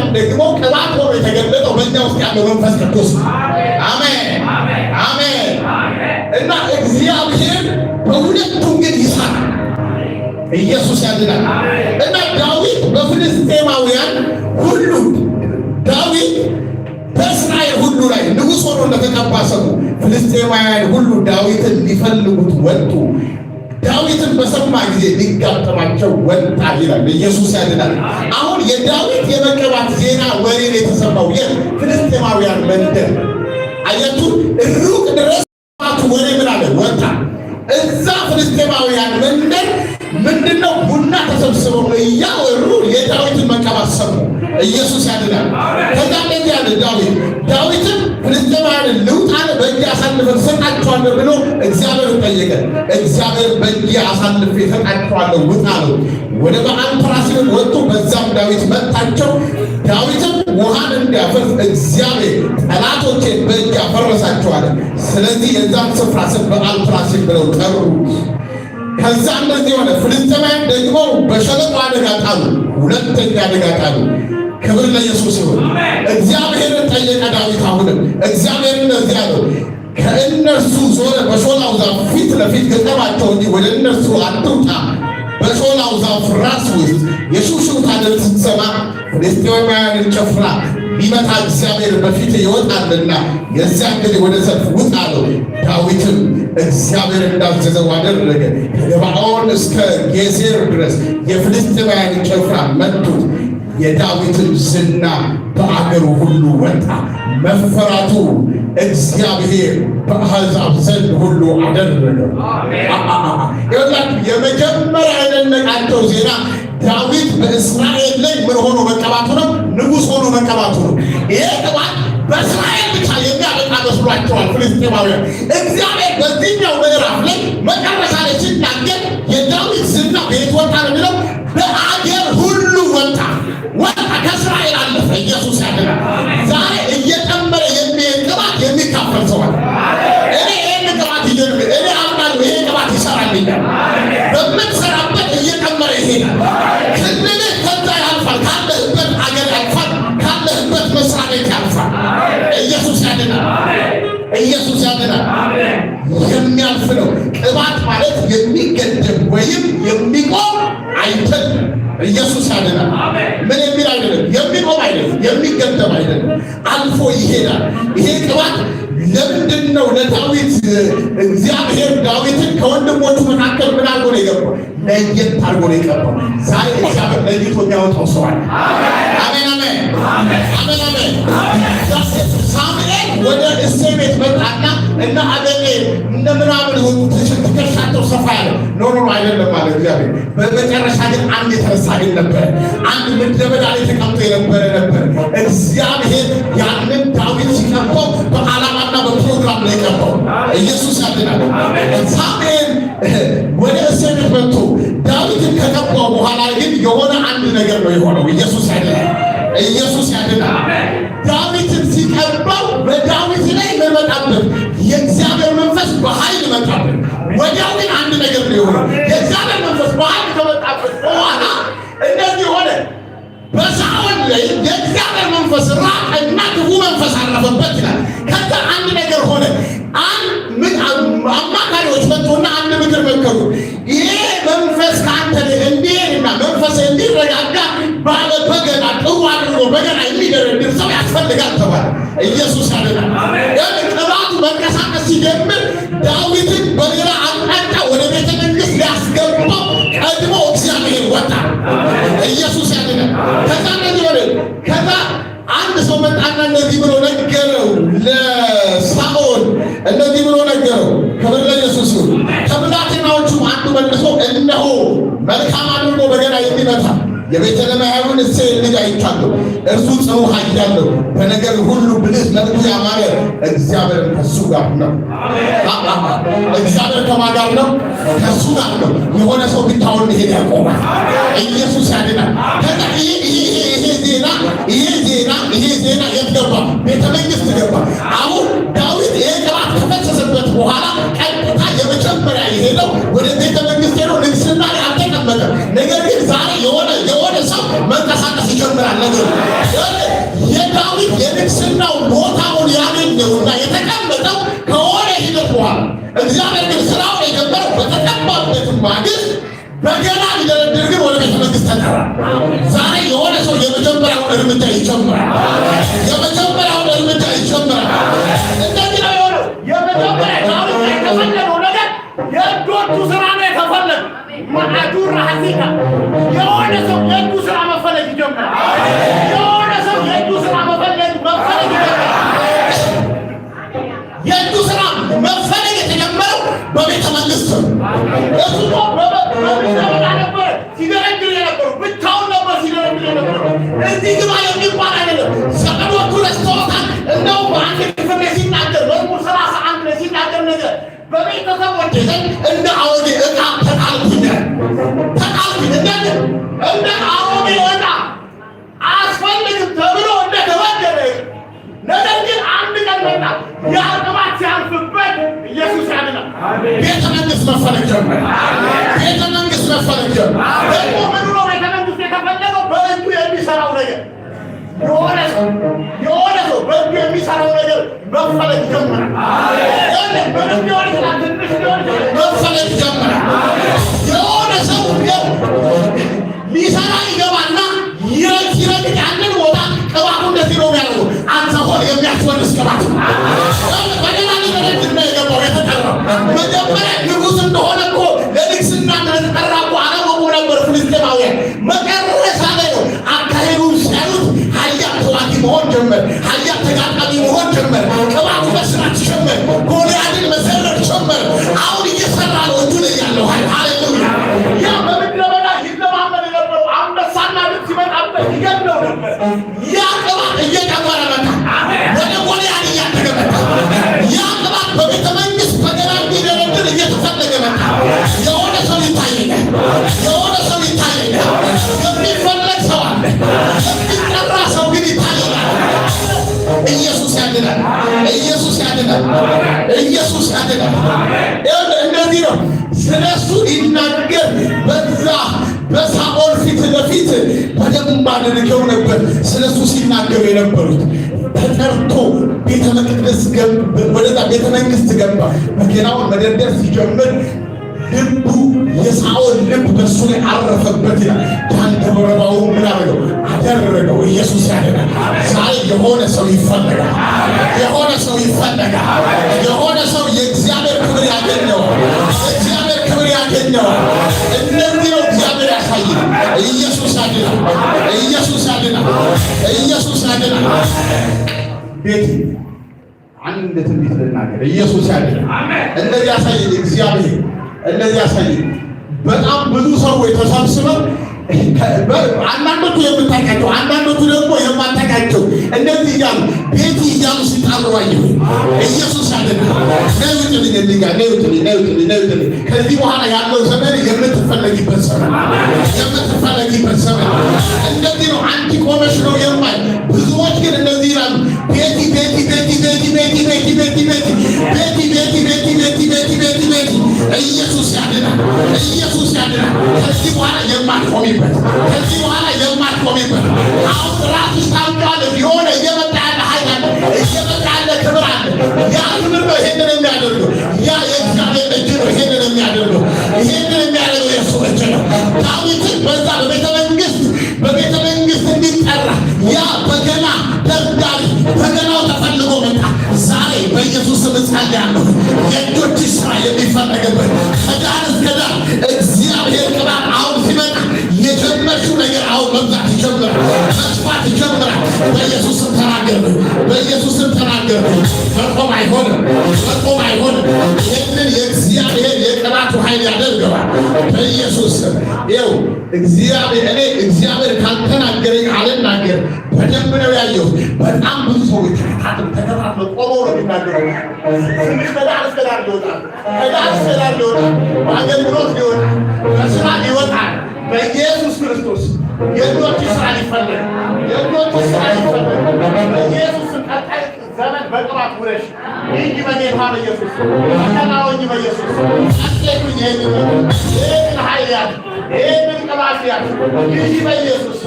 ያን ደግሞ ቅባት ሆኖ የተገለጠው በእኛ ውስጥ ያለው መንፈስ ቅዱስ አሜን፣ አሜን። እና እግዚአብሔር በሁለቱም ግን ይሰራል። ኢየሱስ ያድናል። እና ዳዊት በፍልስጤማውያን ሁሉ ዳዊት በእስራኤል ሁሉ ላይ ንጉሥ ሆኖ እንደተቀባ ሰሙ። ፍልስጤማውያን ሁሉ ዳዊትን ሊፈልጉት ወጡ። ዳዊትን በሰማ ጊዜ ሊጋጠማቸው ወጣ ይላል። ኢየሱስ ያድናል። አሁን የዳዊት የመቀባት ዜና ወሬን የተሰማው የት? ፍልስጤማውያን መንደር አየቱ ሩቅ ድረስ ወሬ ምን አለ ወጣ። እዛ ፍልስጤማውያን መንደር ምንድነው ቡና ተሰብስበው እያወሩ የዳዊትን መቀባት ሰሙ። ኢየሱስ ያ ይፈታል ብሎ እግዚአብሔር ጠየቀ። እግዚአብሔር በእንዲህ አሳልፌ እሰጣቸዋለሁ ውጣ ነው። ወደ በዓል ፐራሲም ወጡ። በዛም ዳዊት መታቸው። ዳዊትም ውሃን እንዲያፈርስ እግዚአብሔር ጠላቶቼ በእጅ አፈረሳቸዋለ። ስለዚህ የዛም ስፍራ ስም በዓል ፐራሲም ብለው ጠሩ። ከዛ እንደዚህ ሆነ። ፍልስጤማውያን ደግሞ በሸለቆ አደጋ ጣሉ። ሁለተኛ አደጋ ጣሉ። ክብር ለኢየሱስ ይሁን። እግዚአብሔርን ጠየቀ ዳዊት አሁንም እግዚአብሔር እዚህ አለው ከእነርሱ ዞረ፣ በሾላው ዛፍ ፊት ለፊት ገጠማቸው እንጂ ወደ እነርሱ አትውጣ። በሾላው ዛፍ ራስ ውስጥ የሹሹታ ድምፅ ስትሰማ ፍልስጤማውያንን ጭፍራ ሊመታ እግዚአብሔር በፊት ይወጣልና የዚያን ጊዜ ወደ ሰልፍ ውጣ አለው። ዳዊትም እግዚአብሔር እንዳዘዘው አደረገ። ገባዖን እስከ ጌዜር ድረስ የፍልስጤማውያን ጭፍራ መቱት። የዳዊትም ዝና በአገሩ ሁሉ ወጣ። መፈራቱ እግዚአብሔር በአሕዛብ ዘንድ ሁሉ አደረገው። የመጀመሪያ የደነቃቸው ዜና ዳዊት በእስራኤል ላይ ምን ሆኖ መቀባቱ ነው? ንጉሥ ሆኖ መቀባቱ ነው። ይሄ ቅባት በእስራኤል ብቻ የሚያበቃ መስሏቸዋል ፍልስጤማውያን። እግዚአብሔር በዚህኛው ምዕራፍ ላይ መጨረሻ ላይ ሲናገር የዳዊት ዝና ቤት ወጣ ነው የሚለው በአገር ሁሉ ወጣ ወጣ አልፎ ይሄዳል። ይሄ ቅባት ለምንድን ነው ለዳዊት እግዚአብሔር ዳዊትን ከወንድሞቹ መካከል ምን አድርጎ ነው የገባው? ለየት አድርጎ ነው የገባው። ዛሬ እግዚአብሔር ለይቶ የሚያወጣው ሰዋል። አሜን አሜን አሜን አሜን ወደ እሴ ቤት መጣና እና አገሬ እንደ ምናምን ሆኑ ትከሻቸው ሰፋ ያለ ኖሮ አይደለም አለ እግዚአብሔር። በመጨረሻ ግን አንድ የተረሳ ግን ነበር፣ አንድ ምድረ በዳ ላይ ተቀምጦ የነበረ ነበር። እግዚአብሔር ያንን ዳዊት ሲቀባው በዓላማና በፕሮግራም ላይ ቀባው። ኢየሱስ ያድናል። እግዚአብሔር ወደ እሴ ቤት መጥቶ ዳዊትን ከቀባው በኋላ ግን የሆነ አንድ ነገር ነው የሆነው። ኢየሱስ ያድናል። ኢየሱስ ያድናል። ዳዊት መጣበት የእግዚአብሔር መንፈስ በኃይል መጣበት። ወዲያው ግን አንድ ነገር ነው የሆነው። የእግዚአብሔር መንፈስ በኃይል ከመጣበት በኋላ እንደዚህ ሆነ። በሳኦል ላይ የእግዚአብሔር መንፈስ ራቀና ክፉ መንፈስ አረፈበት ይላል። ከዛ አንድ ነገር ሆነ። አማካሪዎች መጡና አንድ ምክር መከሩ። ይሄ መንፈስ ከአንተ ላይ እንዲሄድና መንፈስ እንዲረጋጋ ባለ በገና ጥሩ አድርጎ በገና የሚደረድር ሰው ያስፈልጋል ተባለ። ኢየሱስ አለና ስርዓቱ መንቀሳቀስ ሲጀምር ዳዊትን በሌላ አቅጣጫ ወደ ቤተ መንግስት ሊያስገባው ቀድሞ እግዚአብሔር ወጣ። ኢየሱስ ያደለ ከዛ ነዚህ ወደ ከዛ አንድ ሰው መጣና እንደዚህ ብሎ ነገረው ለሳኦል እንደዚህ ብሎ ነገረው። ክብር ለኢየሱስ ይሁን። አንዱ መልሶ እነሆ መልካም አድርጎ በገና የሚመታ የቤተ ለመያሉን እሴ ልጅ አይቻለሁ። እርሱ ጽኑ ኃያል ነው፣ በነገር ሁሉ ብልህ፣ መልኩ ያማረ። እግዚአብሔር ከሱ ጋር ነው። እግዚአብሔር ከማን ጋር ነው? ከሱ ጋር ነው። የሆነ ሰው ብታውን መሄድ ያቆማል። ኢየሱስ ያድናል። ይሄ ዜና ይሄ ዜና የት ገባ? ቤተ መንግስት ገባ። አሁን ዳዊት ይሄ ቅባት ከፈሰሰበት በኋላ ቀጥታ የመጀመሪያ የሄደው ወደ ነገር የዳዊት የንግስናው ቦታውን ያገኘውና የተቀመጠው ከሆነ ሂደት በኋላ እግዚአብሔር ግን ስራውን የጀመረው በተቀባበት ማግስት በገና ሊደረድር ግን ወደ ቤተ መንግስት ተጠራ። ዛሬ የሆነ ሰው የመጀመሪያውን እርምጃ ይጀምራል። የመጀመሪያውን እርምጃ ይጀምራል። እንደዚህ ነው የሆነው። የመጀመሪያ ዳዊት የተፈለገው ነገር የእጆቹ ማአዱ ራዚካ የሆነ ሰው የእጁ ስራ መፈለግ ይጀምራል። የሆነ ሰው የእጁ ስራ መፈለግ መፈለግ ይጀምራል። የእጁ ስራ መፈለግ የተጀመረው በቤተ መንግስት እሱ በሚዘበላ ሲደረግል የነበሩ ብቻውን ነበር ሲደረግል የነበሩ እዚህ ግባ የሚባል አይደለም። ዘመዶቹ ረስተውታል። እንደውም በአንድ ነገር በቤተሰቦች ዘንድ እንደ አሮጌ ዕቃ ተጣልኩኝ ተጣልኩኝ እንደ አሮጌ ዕቃ አያስፈልግም ተብሎ እንደተበደለ ነገር ግን አንድ ቀን መጣ። ያ ቅባት ኢየሱስ ያድናል። ቤተ መንግስት መፈለግ ጀመረ። ቤተ መንግስት መፈለግ ጀመረ። ደግሞ ምንድን ነው ቤተ መንግስት የተፈለገው? በእጁ የሚሰራው ነገር የሆነ ሰው በእጁ የሚሰራው ነገር መፈለግ ጀምራል። መፈለግ ጀምራል። የሆነ ሰው ሊሰራ ይገባና ይረግ ያንን ቦታ ቅባቱ እንደዚህ ነው የሚያደርጉ አንተ ሆን የሚያስፈልስ ቅባት በሌላ ነገር ድና የገባው የተጠራው መጀመሪያ ንጉሥ እንደሆነ ይችላል። እንደዚህ ነው ስለ እሱ ይናገር። በዛ በሳኦል ፊት ለፊት በደንብ አድርገው ነበር ስለ እሱ ሲናገሩ የነበሩት። ተጠርቶ ቤተ መቅደስ ወደዛ ቤተ መንግስት ገባ። መኪናውን መደርደር ሲጀምር ልቡ የሳኦል ልብ በእሱ ላይ አረፈበት ይላል። ዳንተ በረባው ምን አደረገው? አደረገው። ኢየሱስ ያደረገ ዛሬ የሆነ ሰው ይፈለጋል። የሆነ ሰው ይፈለጋል። የሆነ ሰው የእግዚአብሔር ክብር ያገኘዋል። የእግዚአብሔር ክብር ያገኘዋል። እነዚህ ነው እግዚአብሔር ያሳያል። ኢየሱስ ያድናል። ኢየሱስ ያድናል። ኢየሱስ ያድናል። ቤት አንድ ትንቢት ልናገር። ኢየሱስ ያድናል። እንደዚህ ያሳየን እግዚአብሔር እንደዚህ ያሳይ። በጣም ብዙ ሰዎች ተሰብስበው አንዳንዶቹ የምታውቃቸው አንዳንዶቹ ደግሞ የማታውቃቸው እንደዚህ እያሉ ቤቲ እያሉ ሲጣሉ ኢየሱስ ከዚህ በኋላ ያለው ዘመን የምትፈለጊበት ዘመን የምትፈለጊበት ዘመን እንደዚህ ነው። አንቺ ቆመሽ ነው የማ ኢየሱስ ያድናል። ኢየሱስ ያድናል። ከዚህ በኋላ የማትቆሚበት ከዚህ በኋላ የማትቆሚበት አሁን ራስሽ ታምጧል። የሆነ እየመጣ ያለ ኃይል አለ፣ እየመጣ ያለ ክብር አለ። ያ ክብር ነው ይሄንን የሚያደርገው። ያ የእግዚአብሔር እጅ ነው ይሄንን የሚያደርገው። ይሄንን የሚያደርገው የእሱ እጅ ነው። ዳዊትን በዛ በቤተ መንግስት በቤተ መንግስት እንዲጠራ ያ ስም ጸልያለሁ። የእጆችሽ ስራ የሚፈለግበት ከዳር እስከ ዳር እግዚአብሔር ቅባት አሁን ሲመጣ የጀመርሽው ነገር አሁን መብዛት ይጀምራል። መምጣት ይጀምራል። በኢየሱስም ተናገር፣ በኢየሱስም ተናገር። መቆም አይሆንም፣ መቆም አይሆንም። ይህንን የእግዚአብሔር የቅባቱ ኃይል ያደርገዋል። በኢየሱስ ይው እግዚአብሔር እኔ እግዚአብሔር ካልተናገረኝ አልናገር። በደንብ ነው ያየው። በጣም ብዙ ሰዎች ተከታትል ተከታትለ ቆሞ ነው የሚናገረው። በአገልግሎት ይወጣል፣ በስራ ይወጣል። በኢየሱስ ክርስቶስ የእጆች ስራ ይፈለግ፣ የእጆች ስራ ይፈለግ። በኢየሱስ ቀጣይ ዘመን በጥራት ውለሽ ይህ በጌታ በኢየሱስ ተናወኝ፣ በኢየሱስ አስገኝ። ይህንን ይህንን ኃይል ያለ ይህንን ለማፍያት ይህ በኢየሱስ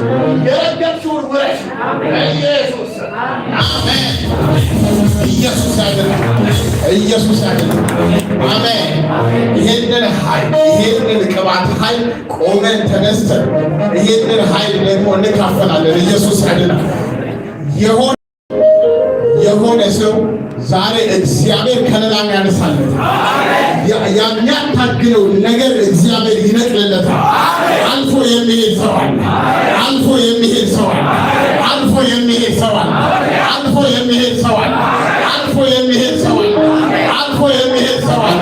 የረገምሽውን ውረሽ በኢየሱስ አሜን። ኢየሱስ ያድናል። ኢየሱስ ያድናል። አሜን። ይህንን ኃይል ይህንን ቅባት ኃይል ቆመን ተነስተን ይህንን ኃይል ደግሞ እንካፈላለን። ኢየሱስ ያድናል። የሆነ ሰው ዛሬ እግዚአብሔር ከለላ ያነሳለት የሚያታግለው ነገር እግዚአብሔር ይነቅልለታል። አልፎ የሚሄድ ሰዋል፣ አልፎ የሚሄድ ሰዋል፣ አልፎ የሚሄድ ሰዋል፣ አልፎ የሚሄድ ሰዋል፣ አልፎ የሚሄድ ሰዋል፣ አልፎ የሚሄድ ሰዋል፣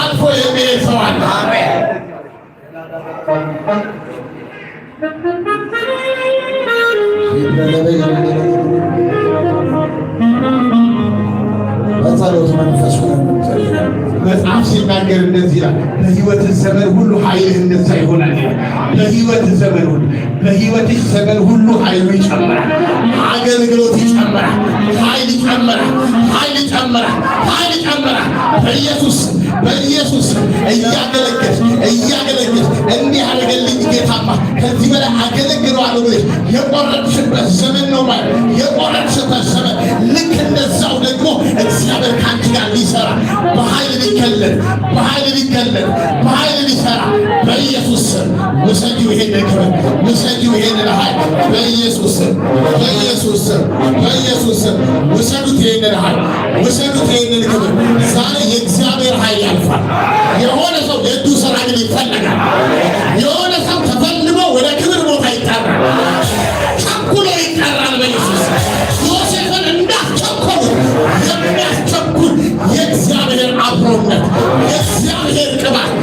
አልፎ የሚሄድ ሰዋል። አሜን ሲናገር እንደዚህ ይላል፣ በህይወት ዘመን ሁሉ ኃይልህ እንደዛ ይሆናል። በህይወት ዘመን ሁሉ በህይወት ዘመን ሁሉ ኃይሉ ይጨምራል፣ አገልግሎት ይጨምራል፣ ኃይል ይጨምራል፣ ኃይል ይጨምራል፣ ኃይል ይጨምራል። በኢየሱስ በኢየሱስ እያገለገልሽ እያገለገልሽ እንዲህ አደረገልኝ ጌታማ ከዚህ በላይ አገለግለዋለሁ ብለሽ የቆረጥሽበት ዘመን ነው ማለት የቆረጥሽበት ዘመን ልክ እንደዛው ደግሞ እግዚአብሔር ከአንቺ ጋር ሊሰራ በኃይል ሊከለል ሊገለጥ በኃይል ሊሰራ በኢየሱስ ስም ውሰጂው፣ ይሄን ነገር ውሰጂው፣ ይሄን ረሃይ በኢየሱስ ስም በኢየሱስ ስም በኢየሱስ ስም ውሰዱት፣ ይሄን ረሃይ ውሰዱት፣ ይሄን ክብር። ዛሬ የእግዚአብሔር ኃይል ያልፋል። የሆነ ሰው የእጁ ስራ ግን ይፈለጋል። የሆነ ሰው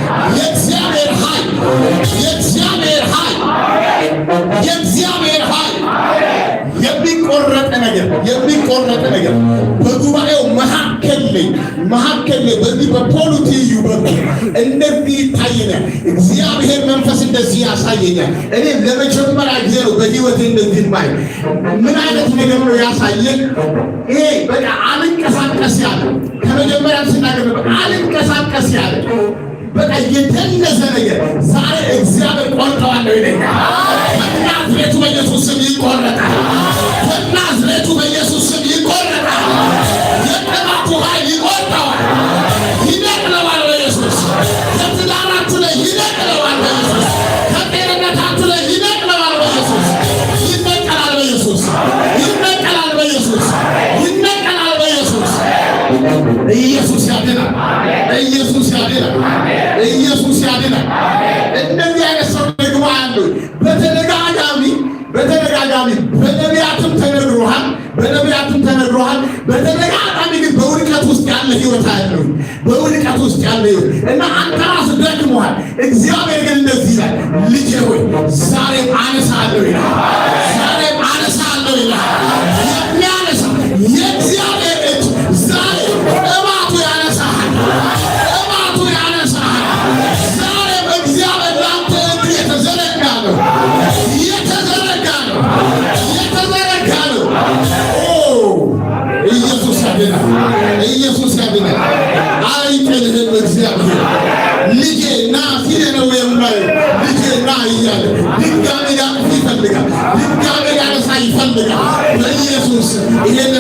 የእግዚአብሔር ኃይል የእግዚአብሔር ኃይል የእግዚአብሔር ኃይል የሚቆረጥ ነገር የሚቆረጥ ነገር በጉባኤው መካከል ላይ መካከል ላይ በዚህ በፖሉ በኩል እንደዚህ ይታየኛል። እግዚአብሔር መንፈስ እንደዚህ ያሳየኛል። እኔ ለመጀመሪያ ጊዜ ነው በህይወቴ እንደዚህ ማየ። ምን አይነት ነገር ነው ያሳየን? ይሄ በቃ አልንቀሳቀስ ያለ ከመጀመሪያ ስናገር አልንቀሳቀስ ያለ በቃ የደነሰ ነገር ዛሬ እግዚአብሔር ቆርጠዋለሁ ይለኛል። ከናዝሬቱ በኢየሱስ ስም ይቆረጣል። ከናዝሬቱ በኢየሱስ ስም ይቆረጣል። የቅባት ውሃ ይቆርጠዋል። ኢየሱስ ያድናል። ኢየሱስ ያድናል። ኢየሱስ ያድናል። እንደዚህ አይነት ሰው ደግሞ ያለው በተደጋጋሚ በተደጋጋሚ በነቢያትም ተነግሮሃል፣ በነቢያትም ተነግሮሃል። በተደጋጋሚ ግን በውድቀት ውስጥ ያለ ህይወት ያለው በውድቀት ውስጥ ያለ ህይወት እና አንተ ራስህ ደክሞሃል። እግዚአብሔር ግን እንደዚህ ይላል፣ ልጄ ሆይ ዛሬም አነሳለሁ ይላል። ዛሬም አነሳለሁ ይላል። የሚጥልህን እግዚአብሔር ልጄ ና ሲል ነው የማየው። ልጄ ና እያለ ድጋሜ ዳቅፍ ይፈልጋል፣ ድጋሜ ዳነሳ ይፈልጋል። በኢየሱስ ይሄን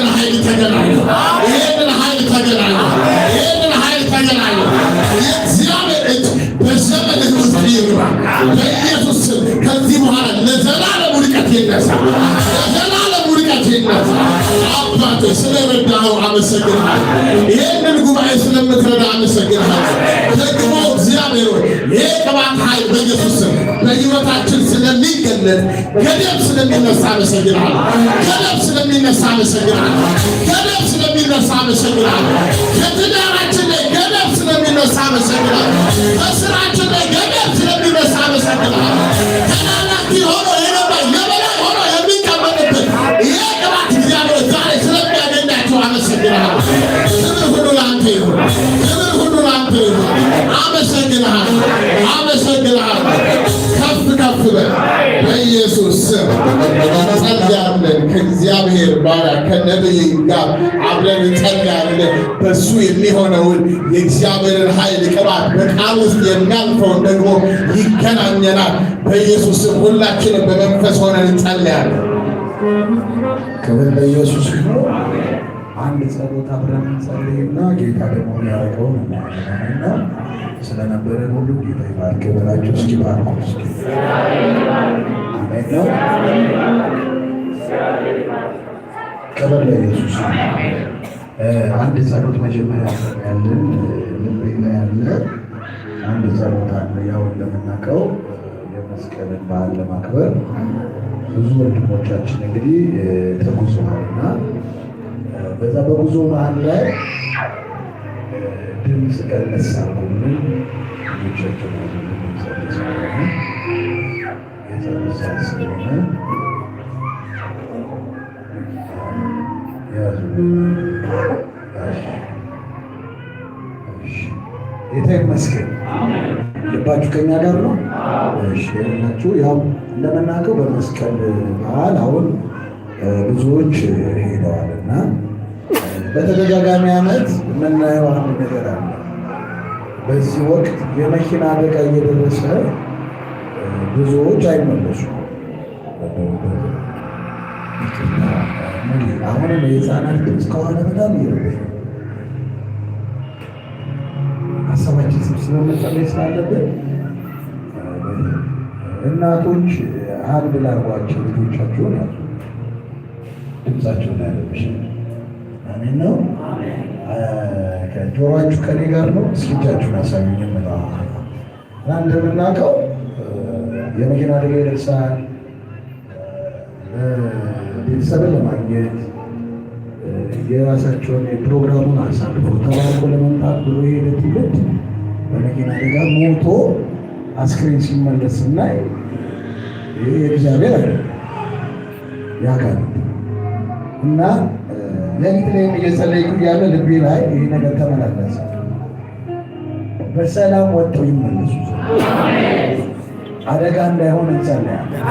ስለረዳኸው አመሰግንሃል። ይህንን ጉባኤ ስለምትረዳ ደግሞ እግዚአብሔር ሆይ ይህ ቅባት ኃይል በኢየሱስ በሕይወታችን ስለሚገለጥ ገደብ ስለሚነሳ አመሰግንሃል። ገደብ ስለሚነሳ አመሰግንሃል። ገደብ ስለሚነሳ ከትዳራችን ላይ ገደብ ስለሚነሳ ከስራችን ላይ ገደብ ስለሚነሳ ተላላኪ ሆኖ አመሰግናል፣ አመሰግናል። ከፍ ከፍ በል በኢየሱስ ስም። ጸልያለን ከእግዚአብሔር ባሪያ ከነቢይ ጋር አብረን ጸልያለን። በሱ የሚሆነውን የእግዚአብሔርን ኃይል ቅባት በቃል ውስጥ የሚያልፈውን ደግሞ ይገናኘናል። በኢየሱስ ስም ሁላችንም በመንፈስ ሆነን እንጸልያለን። ክብር በኢየሱስ አንድ ጸሎት አብረን ጸልይና ጌታ ደግሞ ያደረገውን እናያለን። ስለነበረ ሁሉ ጌታ ይባርክ በላቸው። እስኪ ባርኩ። እስኪ አሜን ነው። ክብር ለኢየሱስ። አንድ ጸሎት መጀመሪያ ያለን ልቤ ላይ ያለ አንድ ጸሎት አለ። ያው እንደምናውቀው የመስቀልን በዓል ለማክበር ብዙ ወንድሞቻችን እንግዲህ ተጉዘዋልና በዛ በጉዞ መሀል ላይ ድምፅ ቀነስ አርጉና ልጆቻቸው ስለሆነ ጌታ ይመስገን። ልባችሁ ከኛ ጋር ነው። ናችሁ ያው እንደምናውቀው በመስቀል በዓል አሁን ብዙዎች ሄደዋል እና በተደጋጋሚ ዓመት የምናየው አንድ ነገር አለ። በዚህ ወቅት የመኪና አደጋ እየደረሰ ብዙዎች አይመለሱ አሁንም የህፃናት ድምፅ ከሆነ በጣም እየረበሽ ሀሳባችን ስብስበ መጠበ ስላለብን እናቶች አንድ ላርጓቸው ልጆቻቸውን ያዙ ድምፃቸውን ያለብሽ አሜን ነው። ጆሮአችሁ ከኔ ጋር ነው። እስኪ እጃችሁን አሳዩኝ። እና እንደምናውቀው የመኪና አደጋ ይደርሳል። ቤተሰብን ለማግኘት የራሳቸውን የፕሮግራሙን አሳልፎ ተባርኮ ለመምጣት ብሎ የሄደ ትውልድ በመኪና አደጋ ሞቶ አስክሬን ሲመለስ ስናይ ይህ የእግዚአብሔር ያካል እና ሌሊት ላይም እየጸለይኩ ያለ ልቤ ላይ ይህ ነገር ተመላለሰ። በሰላም ወጥተው ይመለሱ አደጋ እንዳይሆን እንጸለያለን።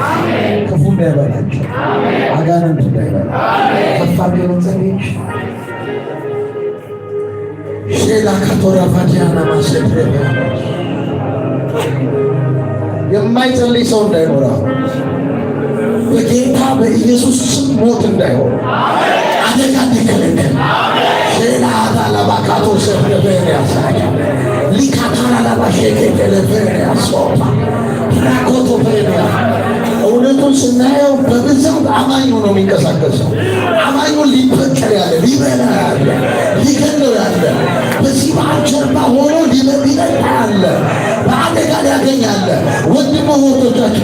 ክፉ እንዳይበላቸው፣ አጋንንት እንዳይበላ አፋቢሆን ጸልች ሼላ ከቶራ ፋቲያና የማይጸልይ ሰው እንዳይኖራ በጌታ በኢየሱስ ስም ሞት እንዳይሆን አደጋ ትገልልን ሼላ አዳላባካቶ ሰፍለበር ያሳያ ሊካታራላባሼት ገለበር ያስወባ ራኮቶ እውነቱን ስናየው በብዛት አማኙ ነው የሚንቀሳቀሰው። አማኙ ሊበቀል ያለ ሊበላ ያለ ሊገድል ያለ በዚህ በዓል ጀርባ ሆኖ ሊበላ ያለ በአደጋ ሊያገኝ ያለ ወንድም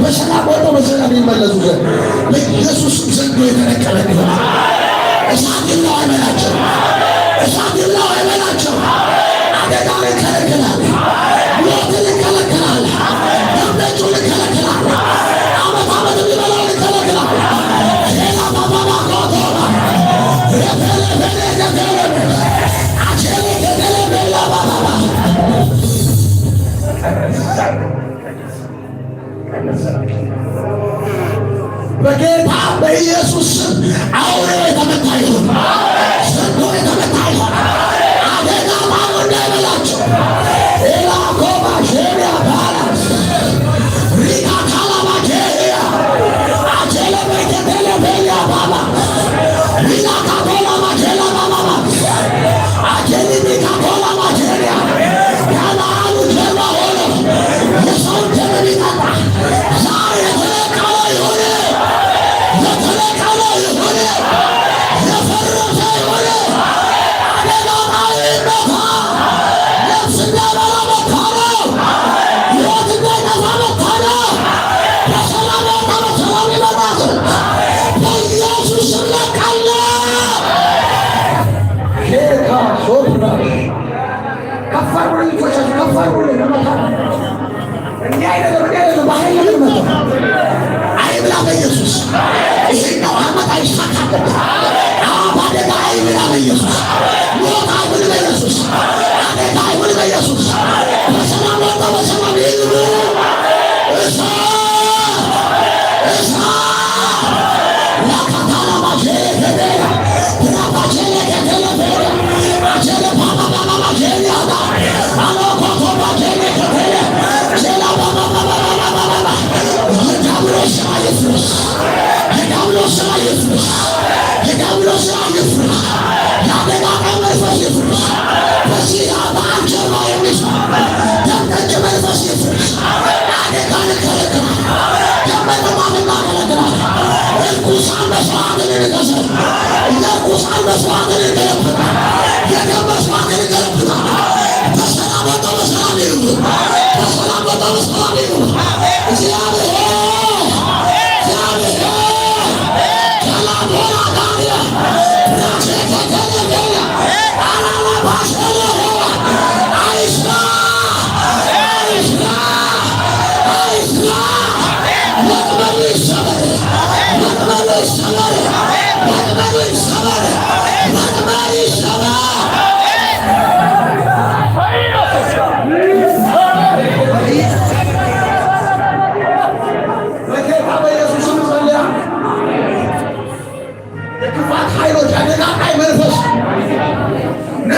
በሰላም ወጥተው በሰላም ይመለሱ ዘንድ በኢየሱስ ዘንድ የተነቀለ ይሆናል። እሳትን ነው አይበላቸው፣ እሳትን ነው አይበላቸው። አደጋን ይከለክላል፣ ሞትን Thank you. በጌታ በኢየሱስ ስም የተመታ ይሁን፣ ስንቱ የተመታ ይሁን። አደጋ ማን እንዳይበላቸው ሌላ ኮማ that's the I'm in it.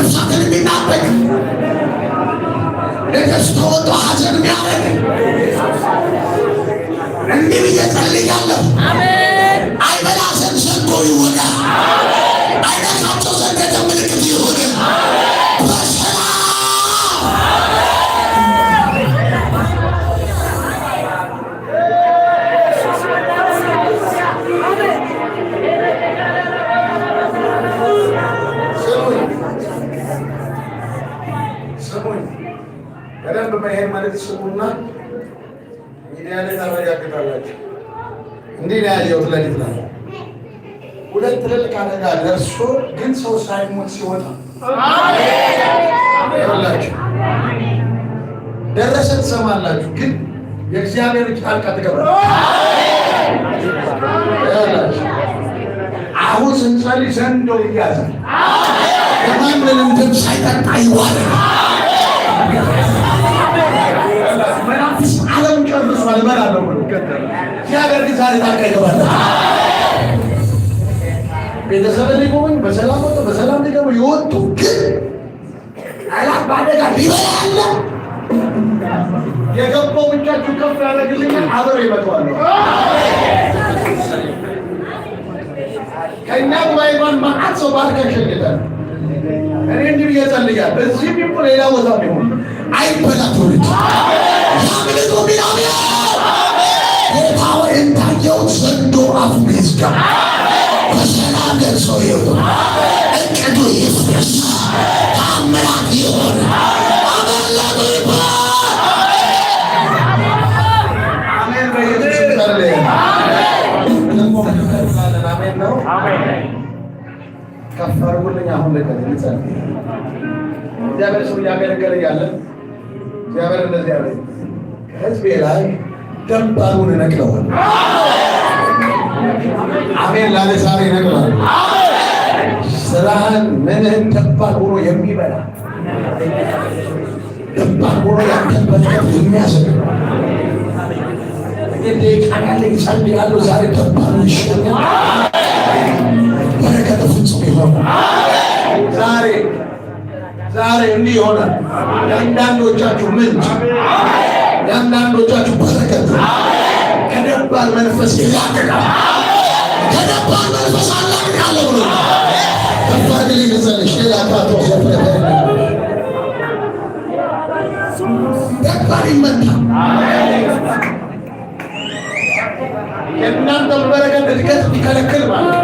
ነፍሳትን የሚናበቅ ንግሥት ተወጦ ሐዘን የሚያደርግ እንዲህ ብዬ ጸልያለሁ። አይበላ ዘንድ ሰንጎ ይሆናል። አይናቃቸው ዘንድ ምልክት ይሆናል። ታሪክ ስሙና ሚዲያ ላይ ታረጋግጣላችሁ። እንዲህ ነው ያየሁት። ለሊት ነው ሁለት ትልልቅ አደጋ ደርሶ ግን ሰው ሳይሞት ሲወጣ ይላችሁ ደረሰ ትሰማላችሁ፣ ግን የእግዚአብሔር ጫልቃ ትገባል። አሁን ስንጸልይ ዘንዶው ይያዛል። የማንንም ደም ሳይጠጣ ይዋል ያስባል እበላለሁ ብሎ ሲያገር ግን ዛሬ ጣልቃ ይገባል። ቤተሰብ ሊጎበኝ በሰላም ወጡ፣ በሰላም ሊገቡ የወጡ ግን ጠላት በአደጋ ሊበላለ የገባው ብቻችሁ ከፍ ያደረግልኛል፣ አብሬ እመጣዋለሁ። ከእኛ ጉባኤ እንኳን መዓት ሰው ባርከ ሸኝታል። እኔ እንዲህ ብዬ ጸልያለሁ። እዚህም ሌላ ቦታ ቢሆን አይበላ ትውልድ አፉ ይዝጋ፣ በሰላም ደርሶ ይሁ እቅዱ ይፍረስ፣ ታምራት ይሆን። አመለጡ ይባል። ከፍ አድርጉልኝ። አሁን ልጸል። እግዚአብሔር ሰው እያገለገለ ያለ እግዚአብሔር እንደዚህ ያለ ህዝቤ ላይ ደባሉን እነቅለዋል። አሜን ላለ ዛሬ ይነግራል። ስራህን ምንህን ደባል ሆኖ የሚበላ ደባል ሆኖ ያንተን በጥቀት የሚያስብ ቃል ዛሬ ደባል ይሸኛል። ዛሬ ዛሬ እንዲህ ይሆናል። ለአንዳንዶቻችሁ ምንጭ፣ ለአንዳንዶቻችሁ በረከት ከነባር መንፈስ ይላቀቃል። መንፈስ የእናንተ በረከት እድገት ሊከለክል ማለት